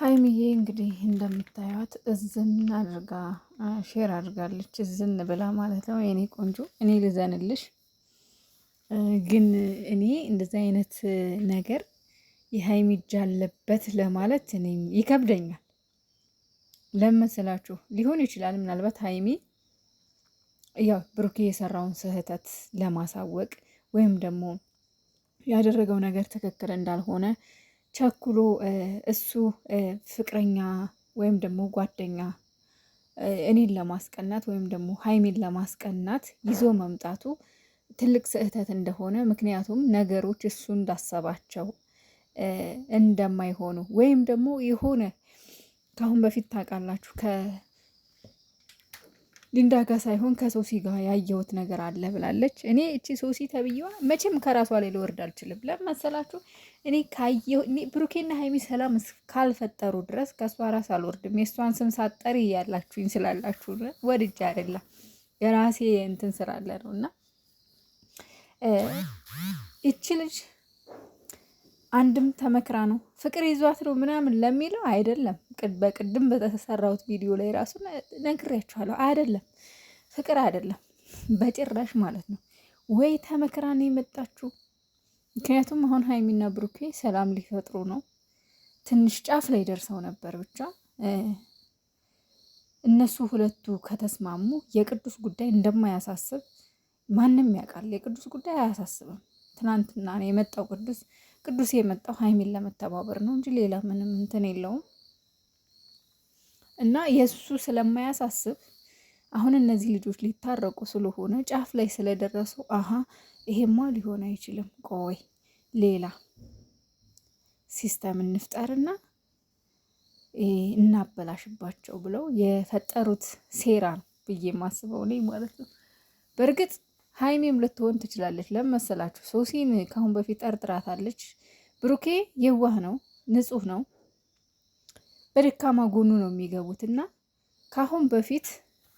ሀይሚዬ እንግዲህ እንደምታዩት እዝን አድርጋ ሼር አድርጋለች። እዝን ብላ ማለት ነው። የኔ ቆንጆ እኔ ልዘንልሽ፣ ግን እኔ እንደዚህ አይነት ነገር የሀይሚ እጅ አለበት ለማለት እኔ ይከብደኛል። ለመስላችሁ ሊሆን ይችላል ምናልባት ሀይሚ ያው ብሩኬ የሰራውን ስህተት ለማሳወቅ ወይም ደግሞ ያደረገው ነገር ትክክል እንዳልሆነ ቸኩሎ እሱ ፍቅረኛ ወይም ደግሞ ጓደኛ እኔን ለማስቀናት ወይም ደግሞ ሀይሜን ለማስቀናት ይዞ መምጣቱ ትልቅ ስህተት እንደሆነ ምክንያቱም ነገሮች እሱ እንዳሰባቸው እንደማይሆኑ ወይም ደግሞ የሆነ ከአሁን በፊት ታውቃላችሁ ሊንዳ ጋር ሳይሆን ከሶሲ ጋር ያየሁት ነገር አለ ብላለች። እኔ እቺ ሶሲ ተብዬዋ መቼም ከራሷ ላይ ልወርድ አልችልም። ለመሰላችሁ እኔ ካየሁ ብሩኬና ሀይሚ ሰላም ካልፈጠሩ ድረስ ከእሷ ራስ አልወርድም። የእሷን ስም ሳጠሪ እያላችሁኝ ስላላችሁ ወድጄ አይደለም የራሴ እንትን ስላለ ነው እና እቺ ልጅ አንድም ተመክራ ነው ፍቅር ይዟት ነው ምናምን ለሚለው አይደለም። በቅድም በተሰራሁት ቪዲዮ ላይ ራሱ ነግሬያችኋለሁ። አይደለም ፍቅር አይደለም በጭራሽ ማለት ነው። ወይ ተመክራ ነው የመጣችሁ። ምክንያቱም አሁን ሀይሚና ብሩኬ ሰላም ሊፈጥሩ ነው። ትንሽ ጫፍ ላይ ደርሰው ነበር። ብቻ እነሱ ሁለቱ ከተስማሙ የቅዱስ ጉዳይ እንደማያሳስብ ማንም ያውቃል። የቅዱስ ጉዳይ አያሳስብም። ትናንትና ነው የመጣው ቅዱስ ቅዱስ የመጣው ሀይሚን ለመተባበር ነው እንጂ ሌላ ምንም እንትን የለውም። እና የእሱ ስለማያሳስብ አሁን እነዚህ ልጆች ሊታረቁ ስለሆነ ጫፍ ላይ ስለደረሱ አሀ ይሄማ ሊሆን አይችልም፣ ቆይ ሌላ ሲስተም እንፍጠርና እናበላሽባቸው ብለው የፈጠሩት ሴራ ነው ብዬ የማስበው እኔ ማለት ነው። በእርግጥ ሀይሜም ልትሆን ትችላለች። ለመሰላችሁ ሶሲን ከአሁን በፊት ጠርጥራታለች። ብሩኬ የዋህ ነው፣ ንጹህ ነው። በደካማ ጎኑ ነው የሚገቡት እና ከአሁን በፊት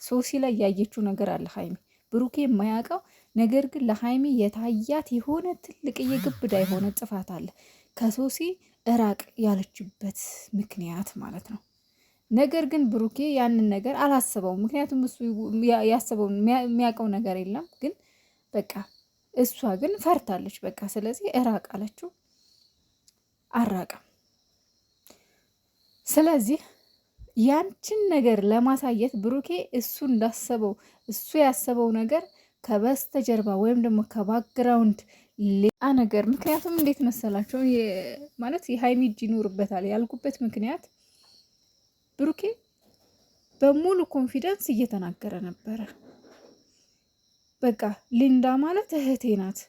ሶሲ ላይ ያየችው ነገር አለ ሀይሚ ብሩኬ የማያውቀው ነገር ግን ለሀይሚ የታያት የሆነ ትልቅዬ ግብዳ የሆነ ጥፋት አለ ከሶሲ እራቅ ያለችበት ምክንያት ማለት ነው። ነገር ግን ብሩኬ ያንን ነገር አላሰበውም። ምክንያቱም እሱ ያሰበው የሚያውቀው ነገር የለም። ግን በቃ እሷ ግን ፈርታለች። በቃ ስለዚህ እራቅ አለችው። አራቀም። ስለዚህ ያንችን ነገር ለማሳየት ብሩኬ እሱ እንዳሰበው እሱ ያሰበው ነገር ከበስተጀርባ ወይም ደግሞ ከባክግራውንድ ሌላ ነገር ምክንያቱም እንዴት መሰላቸው ማለት የሀይሚ እጅ ይኖርበታል ያልኩበት ምክንያት ብሩኬ በሙሉ ኮንፊደንስ እየተናገረ ነበረ። በቃ ሊንዳ ማለት እህቴ ናት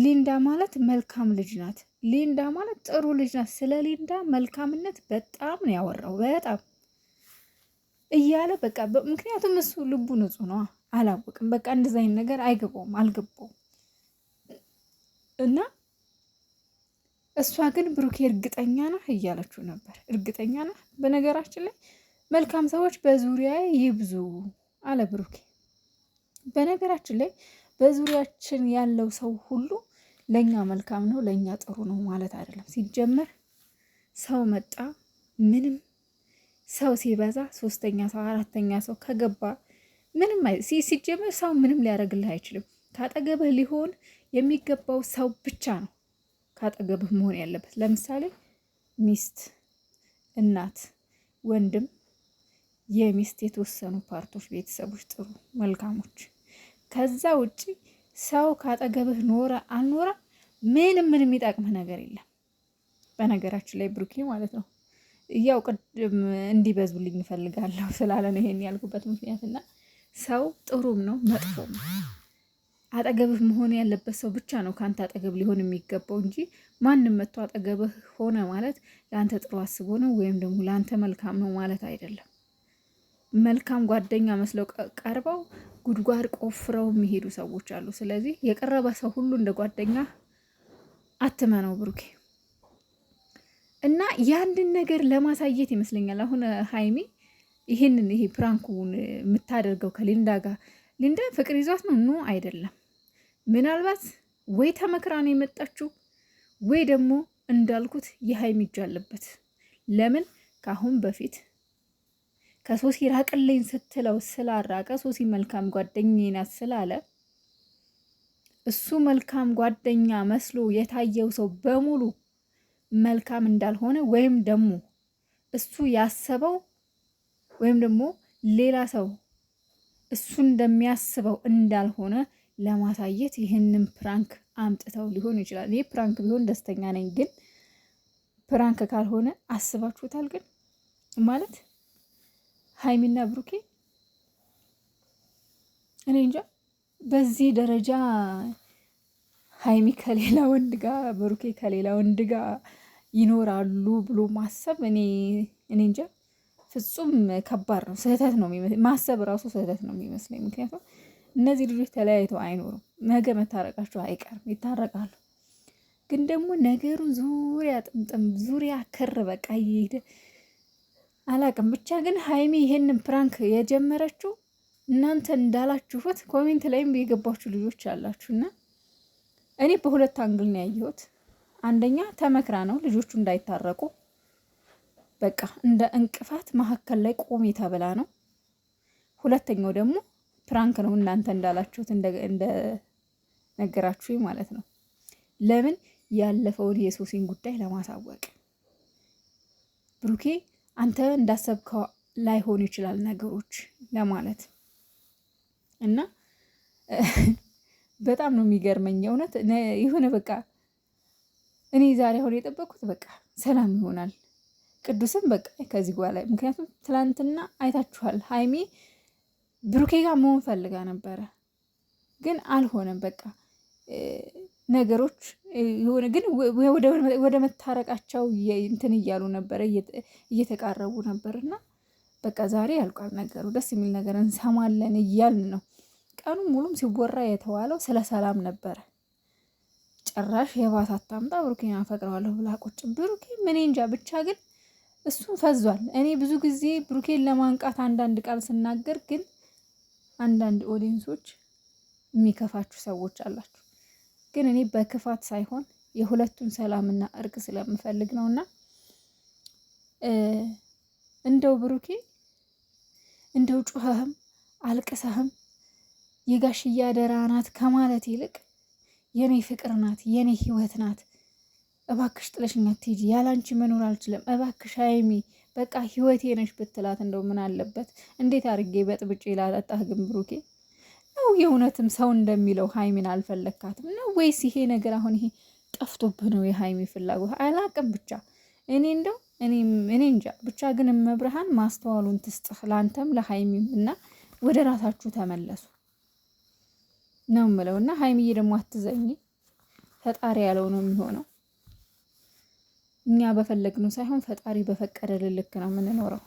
ሊንዳ ማለት መልካም ልጅ ናት። ሊንዳ ማለት ጥሩ ልጅ ናት። ስለ ሊንዳ መልካምነት በጣም ነው ያወራው። በጣም እያለ በቃ ምክንያቱም እሱ ልቡ ንጹሕ ነው። አላወቅም በቃ እንደዚ አይነት ነገር አይገባውም፣ አልገባውም እና እሷ ግን ብሩኬ እርግጠኛ ነህ እያለችው ነበር። እርግጠኛ ነህ። በነገራችን ላይ መልካም ሰዎች በዙሪያ ይብዙ አለ ብሩኬ። በነገራችን ላይ በዙሪያችን ያለው ሰው ሁሉ ለእኛ መልካም ነው ለእኛ ጥሩ ነው ማለት አይደለም። ሲጀመር ሰው መጣ ምንም ሰው ሲበዛ ሶስተኛ ሰው አራተኛ ሰው ከገባ ምንም ሲጀመር ሰው ምንም ሊያደርግልህ አይችልም። ካጠገብህ ሊሆን የሚገባው ሰው ብቻ ነው ካጠገብህ መሆን ያለበት። ለምሳሌ ሚስት፣ እናት፣ ወንድም፣ የሚስት የተወሰኑ ፓርቶች፣ ቤተሰቦች ጥሩ መልካሞች። ከዛ ውጪ ሰው ካጠገብህ ኖረ አልኖረ ምንም ምን የሚጠቅምህ ነገር የለም። በነገራችን ላይ ብሩኬ ማለት ነው ያው ቅድም እንዲበዙልኝ እፈልጋለሁ ስላለ ነው ይሄን ያልኩበት ምክንያት እና ሰው ጥሩም ነው መጥፎም ነው። አጠገብህ መሆን ያለበት ሰው ብቻ ነው ከአንተ አጠገብ ሊሆን የሚገባው እንጂ ማንም መጥቶ አጠገብህ ሆነ ማለት ለአንተ ጥሩ አስቦ ነው ወይም ደግሞ ለአንተ መልካም ነው ማለት አይደለም። መልካም ጓደኛ መስለው ቀርበው ጉድጓድ ቆፍረው የሚሄዱ ሰዎች አሉ። ስለዚህ የቀረበ ሰው ሁሉ እንደ ጓደኛ አትመነው ብሩኬ። እና ያንድን ነገር ለማሳየት ይመስለኛል አሁን ሀይሚ ይህንን ይሄ ፕራንኩን የምታደርገው ከሊንዳ ጋር ሊንዳ ፍቅር ይዟት ነው ኖ አይደለም። ምናልባት ወይ ተመክራ ነው የመጣችው ወይ ደግሞ እንዳልኩት የሀይሚ እጅ አለበት። ለምን ከአሁን በፊት ከሶሲ ራቅልኝ ስትለው ስላራቀ ሶሲ መልካም ጓደኛዬ ናት ስላለ እሱ መልካም ጓደኛ መስሎ የታየው ሰው በሙሉ መልካም እንዳልሆነ ወይም ደግሞ እሱ ያሰበው ወይም ደግሞ ሌላ ሰው እሱ እንደሚያስበው እንዳልሆነ ለማሳየት ይህንን ፕራንክ አምጥተው ሊሆን ይችላል። ይህ ፕራንክ ቢሆን ደስተኛ ነኝ፣ ግን ፕራንክ ካልሆነ አስባችሁታል? ግን ማለት ሀይሚና ብሩኬ እኔ እንጃ በዚህ ደረጃ ሀይሚ ከሌላ ወንድ ጋር ብሩኬ ከሌላ ወንድ ጋር ይኖራሉ ብሎ ማሰብ እኔ እኔ እንጃ ፍጹም ከባድ ነው። ስህተት ነው ማሰብ ራሱ ስህተት ነው የሚመስለኝ። ምክንያቱም እነዚህ ልጆች ተለያይተው አይኖሩም። ነገ መታረቃቸው አይቀርም፣ ይታረቃሉ። ግን ደግሞ ነገሩ ዙሪያ ጥምጥም ዙሪያ ክር በቃ እየሄደ አላቅም ብቻ ግን ሀይሚ ይሄንን ፕራንክ የጀመረችው እናንተ እንዳላችሁት ኮሜንት ላይም የገባችሁ ልጆች አላችሁና እኔ በሁለት አንግል ነው ያየሁት። አንደኛ ተመክራ ነው ልጆቹ እንዳይታረቁ በቃ እንደ እንቅፋት መሀከል ላይ ቆሜ ተብላ ነው። ሁለተኛው ደግሞ ፕራንክ ነው እናንተ እንዳላችሁት ነገራችሁ ማለት ነው። ለምን ያለፈውን የሶሲን ጉዳይ ለማሳወቅ ብሩኬ አንተ እንዳሰብከው ላይሆን ይችላል ነገሮች ለማለት እና በጣም ነው የሚገርመኝ እውነት የሆነ በቃ እኔ ዛሬ አሁን የጠበቅኩት በቃ ሰላም ይሆናል ቅዱስም በቃ ከዚህ በኋላ ምክንያቱም ትላንትና አይታችኋል ሀይሚ ብሩኬ ጋር መሆን ፈልጋ ነበረ ግን አልሆነም በቃ ነገሮች የሆነ ግን ወደ መታረቃቸው እንትን እያሉ ነበረ፣ እየተቃረቡ ነበር እና በቃ ዛሬ ያልቋል ነገሩ፣ ደስ የሚል ነገር እንሰማለን እያልን ነው። ቀኑ ሙሉም ሲወራ የተዋለው ስለ ሰላም ነበረ። ጭራሽ የባሰ አታምጣ ብሩኬን አፈቅረዋለሁ ብላ ቁጭ ብሩኬ ምን እንጃ ብቻ ግን እሱም ፈዟል። እኔ ብዙ ጊዜ ብሩኬን ለማንቃት አንዳንድ ቃል ስናገር ግን አንዳንድ ኦዲየንሶች የሚከፋችሁ ሰዎች አላችሁ። ግን እኔ በክፋት ሳይሆን የሁለቱን ሰላምና እርቅ ስለምፈልግ ነው። እና እንደው ብሩኬ እንደው ጩኸህም አልቅሰህም የጋሽዬ አደራ ናት ከማለት ይልቅ የኔ ፍቅር ናት፣ የኔ ህይወት ናት፣ እባክሽ ጥለሽኛ አትሂጂ፣ ያላንቺ መኖር አልችልም፣ እባክሽ ሀይሚ በቃ ህይወቴ ነሽ ብትላት እንደው ምን አለበት? እንዴት አድርጌ በጥብጭ ላጠጣህ ግን ብሩኬ ነው የእውነትም ሰው እንደሚለው ሀይሚን አልፈለግካትም ነው ወይስ ይሄ ነገር አሁን ይሄ ጠፍቶብህ ነው የሀይሚ ፍላጎት? አላቅም ብቻ እኔ እንደው እኔ እንጃ ብቻ ግን መብርሃን ማስተዋሉን ትስጥህ ለአንተም ለሀይሚም እና ወደ ራሳችሁ ተመለሱ ነው ምለው እና ሀይሚዬ ደግሞ አትዘኝ። ፈጣሪ ያለው ነው የሚሆነው። እኛ በፈለግነው ሳይሆን ፈጣሪ በፈቀደ ልክ ነው የምንኖረው።